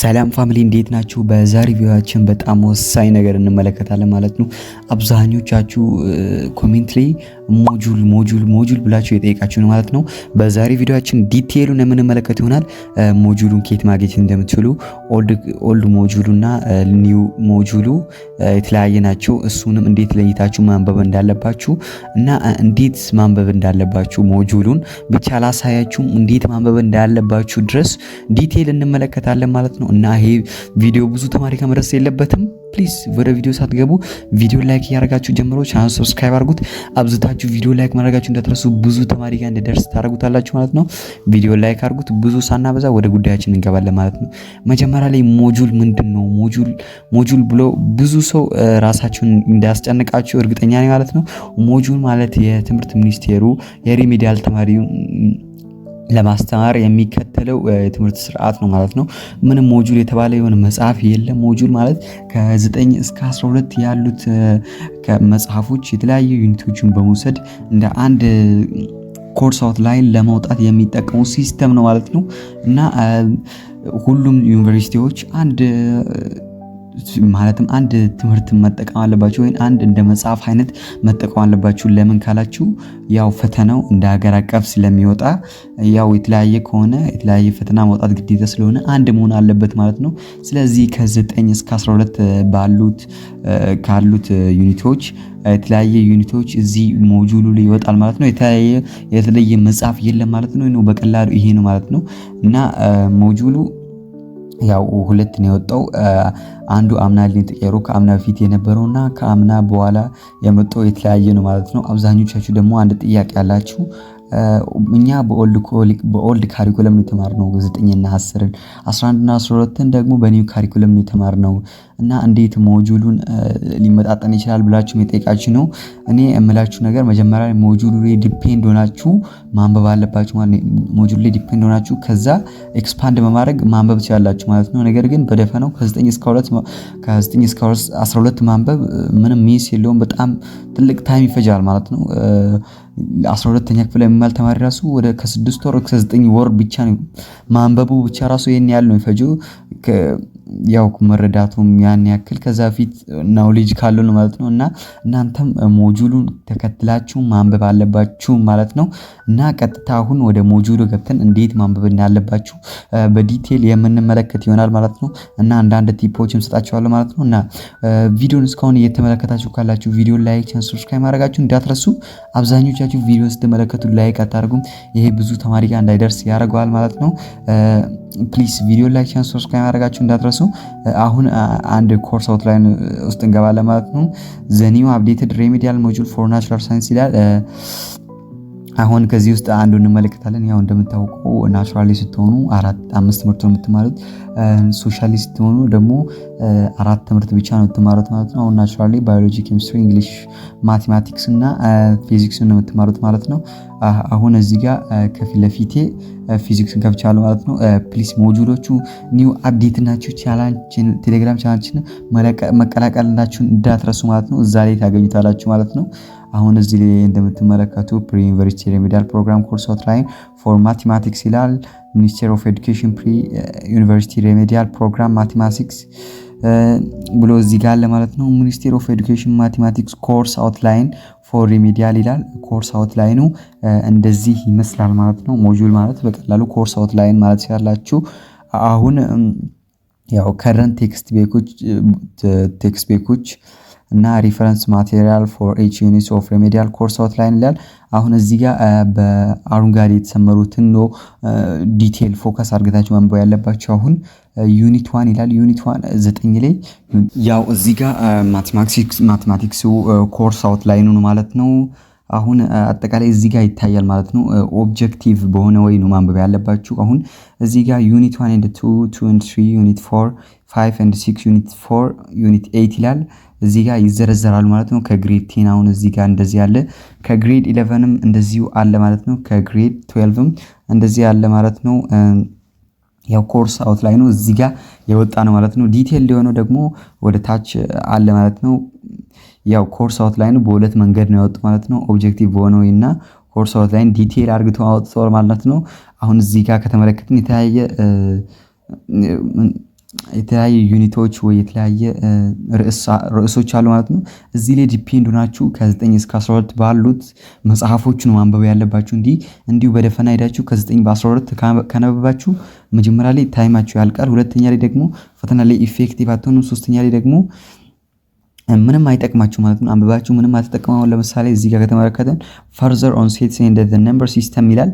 ሰላም ፋሚሊ እንዴት ናችሁ? በዛሬ ቪዲዮአችን በጣም ወሳኝ ነገር እንመለከታለን ማለት ነው። አብዛኞቻችሁ ኮሜንት ላይ ሞጁል ሞጁል ሞጁል ብላችሁ የጠየቃችሁን ማለት ነው። በዛሬ ቪዲዮችን ዲቴይሉን የምንመለከት ይሆናል። ሞጁሉን ኬት ማግኘት እንደምትችሉ ኦልድ ሞጁሉና ኒው ሞጁሉ የተለያየ ናቸው። እሱንም እንዴት ለይታችሁ ማንበብ እንዳለባችሁ እና እንዴት ማንበብ እንዳለባችሁ ሞጁሉን ብቻ አላሳያችሁም፣ እንዴት ማንበብ እንዳለባችሁ ድረስ ዲቴይል እንመለከታለን ማለት ነው እና ይሄ ቪዲዮ ብዙ ተማሪ ከመድረስ የለበትም። ፕሊዝ ወደ ቪዲዮ ሳትገቡ ቪዲዮ ላይክ እያደረጋችሁ ጀምሮ ቻናል ሰብስክራይብ አድርጉት። አብዝታችሁ ቪዲዮ ላይክ ማድረጋችሁ እንዳትረሱ፣ ብዙ ተማሪ ጋር እንዲደርስ ታደርጉታላችሁ ማለት ነው። ቪዲዮ ላይክ አድርጉት። ብዙ ሳናበዛ ወደ ጉዳያችን እንገባለን ማለት ነው። መጀመሪያ ላይ ሞጁል ምንድን ነው? ሞጁል ሞጁል ብሎ ብዙ ሰው ራሳችሁን እንዳያስጨንቃችሁ እርግጠኛ ነኝ ማለት ነው። ሞጁል ማለት የትምህርት ሚኒስቴሩ የሪሜዲያል ተማሪ ለማስተማር የሚከተለው የትምህርት ስርዓት ነው ማለት ነው። ምንም ሞጁል የተባለ የሆነ መጽሐፍ የለም። ሞጁል ማለት ከ9 እስከ 12 ያሉት መጽሐፎች የተለያዩ ዩኒቶችን በመውሰድ እንደ አንድ ኮርስ ላይን ለመውጣት የሚጠቀሙ ሲስተም ነው ማለት ነው እና ሁሉም ዩኒቨርሲቲዎች አንድ ማለትም አንድ ትምህርት መጠቀም አለባችሁ ወይም አንድ እንደ መጽሐፍ አይነት መጠቀም አለባችሁ። ለምን ካላችሁ ያው ፈተናው እንደ ሀገር አቀፍ ስለሚወጣ ያው የተለያየ ከሆነ የተለያየ ፈተና መውጣት ግዴታ ስለሆነ አንድ መሆን አለበት ማለት ነው። ስለዚህ ከ9 እስከ 12 ባሉት ካሉት ዩኒቶች የተለያየ ዩኒቶች እዚህ ሞጁሉ ላይ ይወጣል ማለት ነው። የተለየ መጽሐፍ የለም ማለት ነው። በቀላሉ ይሄ ነው ማለት ነው እና ሞጁሉ ያው ሁለት ነው የወጣው። አንዱ አምና ሊን ተቀይሮ ከአምና በፊት የነበረውና ከአምና በኋላ የመጣው የተለያየ ነው ማለት ነው። አብዛኞቻችሁ ደግሞ አንድ ጥያቄ ያላችሁ እኛ በኦልድ ካሪኩለም ነው የተማርነው ዘጠኝና አስርን አስራ አንድና አስራ ሁለትን ደግሞ በኒው ካሪኩለም ነው የተማርነው እና እንዴት ሞጁሉን ሊመጣጠን ይችላል ብላችሁ የጠየቃችሁ ነው። እኔ የምላችሁ ነገር መጀመሪያ ሞጁሉ ላይ ዲፔንድ ሆናችሁ ማንበብ አለባችሁ ማለት ሞጁሉ ላይ ዲፔንድ ሆናችሁ ከዛ ኤክስፓንድ በማድረግ ማንበብ ትችላላችሁ ማለት ነው። ነገር ግን በደፈናው ከ ከዘጠኝ እስከ 12 ማንበብ ምንም ሚስ የለውም። በጣም ትልቅ ታይም ይፈጃል ማለት ነው። አስራ ሁለተኛ ክፍል የሚባል ተማሪ ራሱ ወደ ከስድስት ወር ከዘጠኝ ወር ብቻ ነው ማንበቡ ብቻ ራሱ ይህን ያህል ነው የሚፈጀው። ያው መረዳቱም ያን ያክል ከዛ በፊት ናውሌጅ ነው ማለት ነው። እና እናንተም ሞጁሉን ተከትላችሁ ማንበብ አለባችሁ ማለት ነው። እና ቀጥታ አሁን ወደ ሞጁሉ ገብተን እንዴት ማንበብ እንዳለባችሁ በዲቴል የምንመለከት ይሆናል ማለት ነው። እና አንዳንድ ቲፖች ሰጣችኋለሁ ማለት ነው። እና ቪዲዮን እስካሁን እየተመለከታችሁ ካላችሁ ቪዲዮ ላይክ፣ ሰብስክራይብ ማድረጋችሁ እንዳትረሱ። አብዛኞቻችሁ ቪዲዮ ስትመለከቱ ላይክ አታደርጉም። ይሄ ብዙ ተማሪ ጋር እንዳይደርስ ያደርገዋል ማለት ነው። ፕሊስ ቪዲዮ ላይክ፣ ሰብስክራይብ ማድረጋችሁ እንዳትረሱ። ነው። አሁን አንድ ኮርስ አውትላይን ውስጥ እንገባለን ማለት ነው። ዘኒው አፕዴትድ ሬሜዲያል ሞጁል ፎር ናቹራል ሳይንስ ይላል አሁን ከዚህ ውስጥ አንዱ እንመለከታለን። ያው እንደምታውቀው ናቹራሊ ስትሆኑ አምስት ትምህርት ነው የምትማሩት። ሶሻሊ ስትሆኑ ደግሞ አራት ትምህርት ብቻ ነው የምትማሩት ማለት ነው። አሁን ናቹራሊ ባዮሎጂ፣ ኬሚስትሪ፣ እንግሊሽ፣ ማቴማቲክስ እና ፊዚክስን ነው የምትማሩት ማለት ነው። አሁን እዚህ ጋር ከፊት ለፊቴ ፊዚክስን ከፍቻለሁ ማለት ነው። ፕሊስ ሞጁሎቹ ኒው አፕዴት ናቸው። ቴሌግራም ቻላንችን መቀላቀል እንዳችሁን እንዳትረሱ ማለት ነው። እዛ ላይ ታገኙታላችሁ ማለት ነው። አሁን እዚህ ላይ እንደምትመለከቱ ፕሪ ዩኒቨርሲቲ ሪሚዲያል ፕሮግራም ኮርስ አውትላይን ፎር ማቴማቲክስ ይላል። ሚኒስቴር ኦፍ ኤዱኬሽን ፕሪ ዩኒቨርሲቲ ሪሚዲያል ፕሮግራም ማቴማቲክስ ብሎ እዚህ ጋር ማለት ነው። ሚኒስቴር ኦፍ ኤዱኬሽን ማቴማቲክስ ኮርስ አውትላይን ፎር ሪሚዲያል ይላል። ኮርስ አውትላይኑ እንደዚህ ይመስላል ማለት ነው። ሞጁል ማለት በቀላሉ ኮርስ አውትላይን ማለት ሲላላችሁ አሁን ያው ከረንት ቴክስት ቤኮች ቴክስት ቤኮች እና ሪፈረንስ ማቴሪያል ፎር ኤች ዩኒትስ ኦፍ ሪሜዲያል ኮርስ አውትላይን ይላል። አሁን እዚህ ጋር በአረንጓዴ የተሰመሩትን ነው ዲቴል ፎከስ አድርገታችሁ ማንበብ ያለባቸው። አሁን ዩኒት ዋን ይላል። ዩኒት ዋን ዘጠኝ ላይ ያው እዚህ ጋር ማቴማቲክስ ኮርስ አውትላይኑን ማለት ነው አሁን አጠቃላይ እዚህ ጋር ይታያል ማለት ነው። ኦብጀክቲቭ በሆነ ወይ ነው ማንበብ ያለባችሁ። አሁን እዚህ ጋር ዩኒት ዋን ኤንድ ቱ ቱ ኤንድ ትሪ ዩኒት ፎር ፋይቭ ኤንድ ሲክስ ዩኒት ፎር ዩኒት ኤይት ይላል እዚህ ጋር ይዘረዘራሉ ማለት ነው። ከግሬድ ቴን አሁን እዚህ ጋር እንደዚህ አለ። ከግሬድ ኢለቨንም እንደዚሁ አለ ማለት ነው። ከግሬድ ትዌልቭም እንደዚህ አለ ማለት ነው። ያው ኮርስ አውት ላይ ነው እዚህ ጋር የወጣ ነው ማለት ነው። ዲቴል ሊሆነው ደግሞ ወደ ታች አለ ማለት ነው። ያው ኮርስ አውትላይኑ በሁለት መንገድ ነው ያወጡ ማለት ነው። ኦብጀክቲቭ በሆነ ወይ እና ኮርስ አውትላይን ዲቴይል አርግቶ አውጥቶ ማለት ነው። አሁን እዚህ ጋር ከተመለከትን የተለያየ የተለያየ ዩኒቶች ወይ የተለያየ ርዕሶች አሉ ማለት ነው። እዚህ ላይ ዲፔንድ ሆናችሁ ከ9 እስከ 12 ባሉት መጽሐፎች ነው ማንበብ ያለባችሁ። እንዲህ እንዲሁ በደፈና ሄዳችሁ ከ9 በ12 ከነበባችሁ መጀመሪያ ላይ ታይማችሁ ያልቃል። ሁለተኛ ላይ ደግሞ ፈተና ላይ ኢፌክቲቭ አትሆኑም። ሶስተኛ ላይ ደግሞ ምንም አይጠቅማችሁ ማለት ነው። አንብባችሁ ምንም አልተጠቀሙ። ለምሳሌ እዚህ ጋር ከተመለከተን ፈርዘር ኦን ሴት እንደ ነምበር ሲስተም ይላል።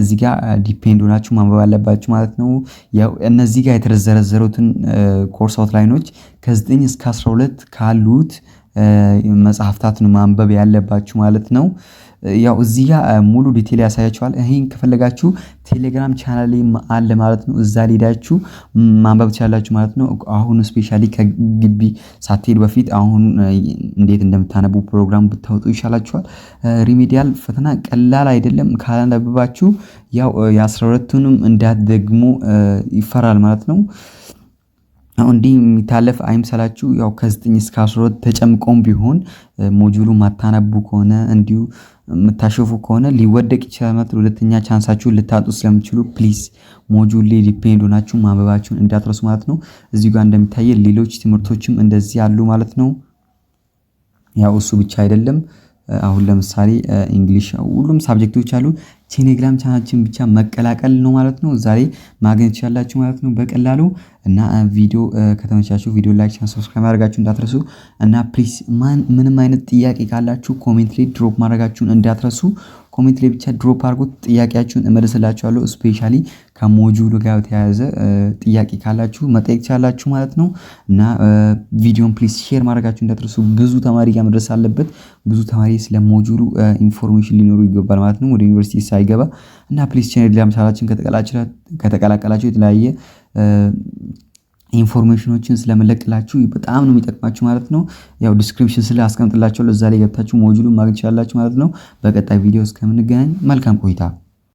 እዚህ ጋር ዲፔንድ ሆናችሁ ማንበብ አለባችሁ ማለት ነው። እነዚህ ጋር የተዘረዘሩትን ኮርስ አውትላይኖች ከ9 እስከ 12 ካሉት መጽሐፍታትን ማንበብ ያለባችሁ ማለት ነው። ያው እዚህ ጋ ሙሉ ዲቴል ያሳያችኋል። ይህን ከፈለጋችሁ ቴሌግራም ቻናል አለ ማለት ነው። እዛ ሊዳችሁ ማንበብ ትችላላችሁ ማለት ነው። አሁን ስፔሻሊ ከግቢ ሳትሄድ በፊት አሁን እንዴት እንደምታነቡ ፕሮግራም ብታወጡ ይሻላችኋል። ሪሜዲያል ፈተና ቀላል አይደለም። ካላነበባችሁ ያው የአስራ ሁለቱንም እንዳትደግሙ ይፈራል ማለት ነው። አሁን እንዲህ የሚታለፍ አይምሰላችሁ። ያው ከ9 እስከ 12 ተጨምቆም ቢሆን ሞጁሉ ማታነቡ ከሆነ እንዲሁ የምታሸፉ ከሆነ ሊወደቅ ይችላል ማለት ሁለተኛ ቻንሳችሁን ልታጡ ስለምችሉ ፕሊዝ ሞጁል ላይ ዲፔንድ ሆናችሁ ማንበባችሁን እንዳትረሱ ማለት ነው። እዚህ ጋር እንደሚታየ ሌሎች ትምህርቶችም እንደዚህ አሉ ማለት ነው። ያው እሱ ብቻ አይደለም። አሁን ለምሳሌ እንግሊሽ ሁሉም ሳብጀክቶች አሉ። ቴሌግራም ቻናችን ብቻ መቀላቀል ነው ማለት ነው። ዛሬ ማግኘት ይችላላችሁ ማለት ነው በቀላሉ እና ቪዲዮ ከተመቻችሁ ቪዲዮ ላይክ፣ ቻናል ሰብስክራይብ ማድረጋችሁ እንዳትረሱ እና ፕሊስ ምንም አይነት ጥያቄ ካላችሁ ኮሜንት ላይ ድሮፕ ማድረጋችሁን እንዳትረሱ። ኮሜንት ላይ ብቻ ድሮፕ አድርጉት፣ ጥያቄያችሁን እመልስላችኋለሁ። ስፔሻሊ ከሞጁሉ ጋር የተያያዘ ጥያቄ ካላችሁ መጠየቅ ቻላችሁ ማለት ነው። እና ቪዲዮን ፕሊስ ሼር ማድረጋችሁ እንዳትረሱ። ብዙ ተማሪ ጋር መድረስ አለበት። ብዙ ተማሪ ስለ ሞጁሉ ኢንፎርሜሽን ሊኖሩ ይገባል ማለት ነው ወደ ዩኒቨርሲቲ ሳይገባ እና ፕሊስ ቻናል ቻላችን ከተቀላቀላችሁ የተለያየ ኢንፎርሜሽኖችን ስለመለቅላችሁ በጣም ነው የሚጠቅማችሁ ማለት ነው። ያው ዲስክሪፕሽን ስለ አስቀምጥላቸው እዛ ላይ ገብታችሁ ሞጁሉን ማግኘት ይችላላችሁ ማለት ነው። በቀጣይ ቪዲዮ እስከምንገናኝ መልካም ቆይታ